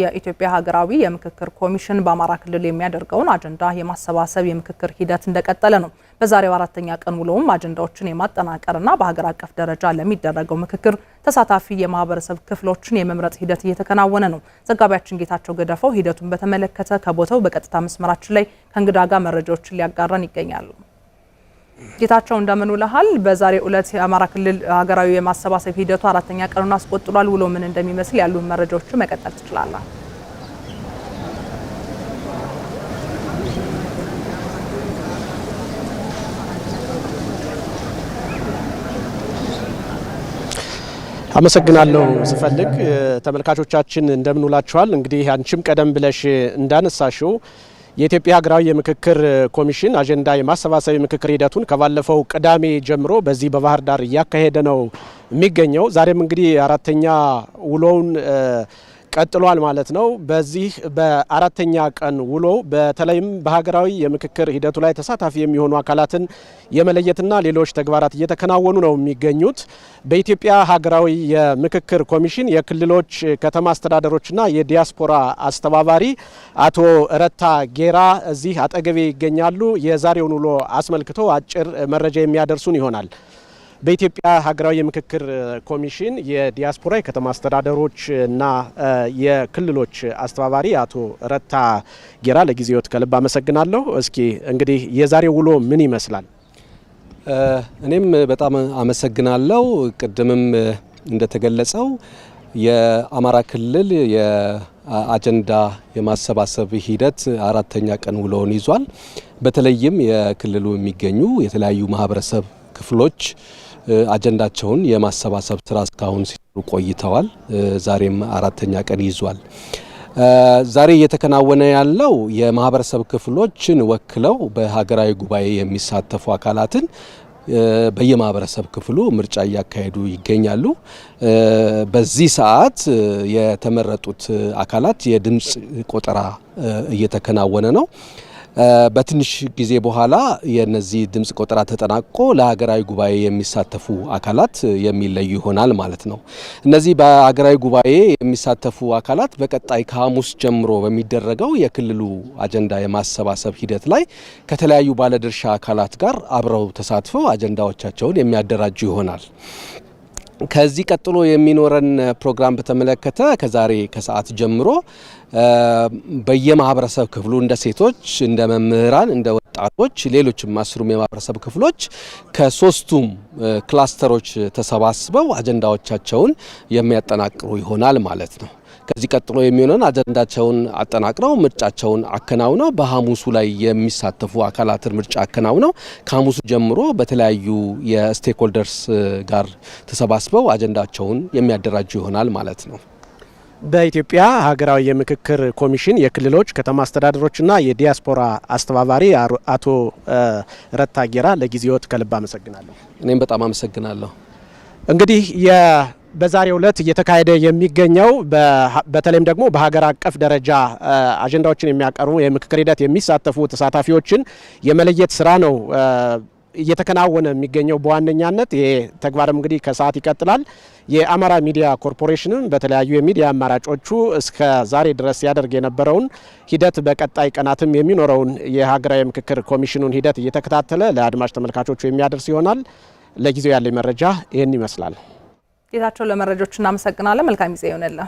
የኢትዮጵያ ሀገራዊ የምክክር ኮሚሽን በአማራ ክልል የሚያደርገውን አጀንዳ የማሰባሰብ የምክክር ሂደት እንደቀጠለ ነው። በዛሬው አራተኛ ቀን ውሎውም አጀንዳዎችን የማጠናቀርና በሀገር አቀፍ ደረጃ ለሚደረገው ምክክር ተሳታፊ የማህበረሰብ ክፍሎችን የመምረጥ ሂደት እየተከናወነ ነው። ዘጋቢያችን ጌታቸው ገደፈው ሂደቱን በተመለከተ ከቦታው በቀጥታ መስመራችን ላይ ከእንግዳ ጋር መረጃዎችን ሊያጋራን ይገኛሉ። ጌታቸው እንደምን ውለሃል? በዛሬው ዕለት የአማራ ክልል ሀገራዊ የማሰባሰብ ሂደቱ አራተኛ ቀኑን አስቆጥሯል። ውሎ ምን እንደሚመስል ያሉ መረጃዎቹ መቀጠል ትችላለን። አመሰግናለሁ ስፈልግ ተመልካቾቻችን እንደምንውላችኋል። እንግዲህ አንቺም ቀደም ብለሽ እንዳነሳሽው የኢትዮጵያ ሀገራዊ የምክክር ኮሚሽን አጀንዳ የማሰባሰብ የምክክር ሂደቱን ከባለፈው ቅዳሜ ጀምሮ በዚህ በባህር ዳር እያካሄደ ነው የሚገኘው። ዛሬም እንግዲህ አራተኛ ውሎውን ቀጥሏል ማለት ነው። በዚህ በአራተኛ ቀን ውሎ በተለይም በሀገራዊ የምክክር ሂደቱ ላይ ተሳታፊ የሚሆኑ አካላትን የመለየትና ሌሎች ተግባራት እየተከናወኑ ነው የሚገኙት። በኢትዮጵያ ሀገራዊ የምክክር ኮሚሽን የክልሎች ከተማ አስተዳደሮችና የዲያስፖራ አስተባባሪ አቶ ረታ ጌራ እዚህ አጠገቤ ይገኛሉ። የዛሬውን ውሎ አስመልክቶ አጭር መረጃ የሚያደርሱን ይሆናል። በኢትዮጵያ ሀገራዊ የምክክር ኮሚሽን የዲያስፖራ የከተማ አስተዳደሮች እና የክልሎች አስተባባሪ አቶ ረታ ጌራ ለጊዜዎት ከልብ አመሰግናለሁ። እስኪ እንግዲህ የዛሬው ውሎ ምን ይመስላል? እኔም በጣም አመሰግናለሁ። ቅድምም እንደተገለጸው የአማራ ክልል የአጀንዳ የማሰባሰብ ሂደት አራተኛ ቀን ውሎውን ይዟል። በተለይም የክልሉ የሚገኙ የተለያዩ ማህበረሰብ ክፍሎች አጀንዳቸውን የማሰባሰብ ስራ እስካሁን ሲሰሩ ቆይተዋል። ዛሬም አራተኛ ቀን ይዟል። ዛሬ እየተከናወነ ያለው የማህበረሰብ ክፍሎችን ወክለው በሀገራዊ ጉባኤ የሚሳተፉ አካላትን በየማህበረሰብ ክፍሉ ምርጫ እያካሄዱ ይገኛሉ። በዚህ ሰዓት የተመረጡት አካላት የድምፅ ቆጠራ እየተከናወነ ነው። በትንሽ ጊዜ በኋላ የነዚህ ድምፅ ቆጠራ ተጠናቆ ለሀገራዊ ጉባኤ የሚሳተፉ አካላት የሚለዩ ይሆናል ማለት ነው። እነዚህ በሀገራዊ ጉባኤ የሚሳተፉ አካላት በቀጣይ ከሐሙስ ጀምሮ በሚደረገው የክልሉ አጀንዳ የማሰባሰብ ሂደት ላይ ከተለያዩ ባለድርሻ አካላት ጋር አብረው ተሳትፈው አጀንዳዎቻቸውን የሚያደራጁ ይሆናል። ከዚህ ቀጥሎ የሚኖረን ፕሮግራም በተመለከተ ከዛሬ ከሰዓት ጀምሮ በየማህበረሰብ ክፍሉ እንደ ሴቶች፣ እንደ መምህራን፣ እንደ ወጣቶች፣ ሌሎችም አስሩም የማህበረሰብ ክፍሎች ከሶስቱም ክላስተሮች ተሰባስበው አጀንዳዎቻቸውን የሚያጠናቅሩ ይሆናል ማለት ነው። ከዚህ ቀጥሎ የሚሆነውን አጀንዳቸውን አጠናቅረው ምርጫቸውን አከናውነው በሐሙሱ ላይ የሚሳተፉ አካላትን ምርጫ አከናውነው ከሐሙሱ ጀምሮ በተለያዩ የስቴክሆልደርስ ጋር ተሰባስበው አጀንዳቸውን የሚያደራጁ ይሆናል ማለት ነው። በኢትዮጵያ ሀገራዊ የምክክር ኮሚሽን የክልሎች ከተማ አስተዳደሮችና የዲያስፖራ አስተባባሪ አቶ ረታ ጌራ ለጊዜዎት ከልብ አመሰግናለሁ። እኔም በጣም አመሰግናለሁ። እንግዲህ በዛሬው ዕለት እየተካሄደ የሚገኘው በተለይም ደግሞ በሀገር አቀፍ ደረጃ አጀንዳዎችን የሚያቀርቡ የምክክር ሂደት የሚሳተፉ ተሳታፊዎችን የመለየት ስራ ነው እየተከናወነ የሚገኘው በዋነኛነት ይሄ ተግባርም እንግዲህ ከሰዓት ይቀጥላል። የአማራ ሚዲያ ኮርፖሬሽንም በተለያዩ የሚዲያ አማራጮቹ እስከ ዛሬ ድረስ ሲያደርግ የነበረውን ሂደት በቀጣይ ቀናትም የሚኖረውን የሀገራዊ ምክክር ኮሚሽኑን ሂደት እየተከታተለ ለአድማጭ ተመልካቾቹ የሚያደርስ ይሆናል። ለጊዜው ያለኝ መረጃ ይህን ይመስላል። ጌታቸው ለመረጃዎች እናመሰግናለን። መልካም ጊዜ ይሆንልን።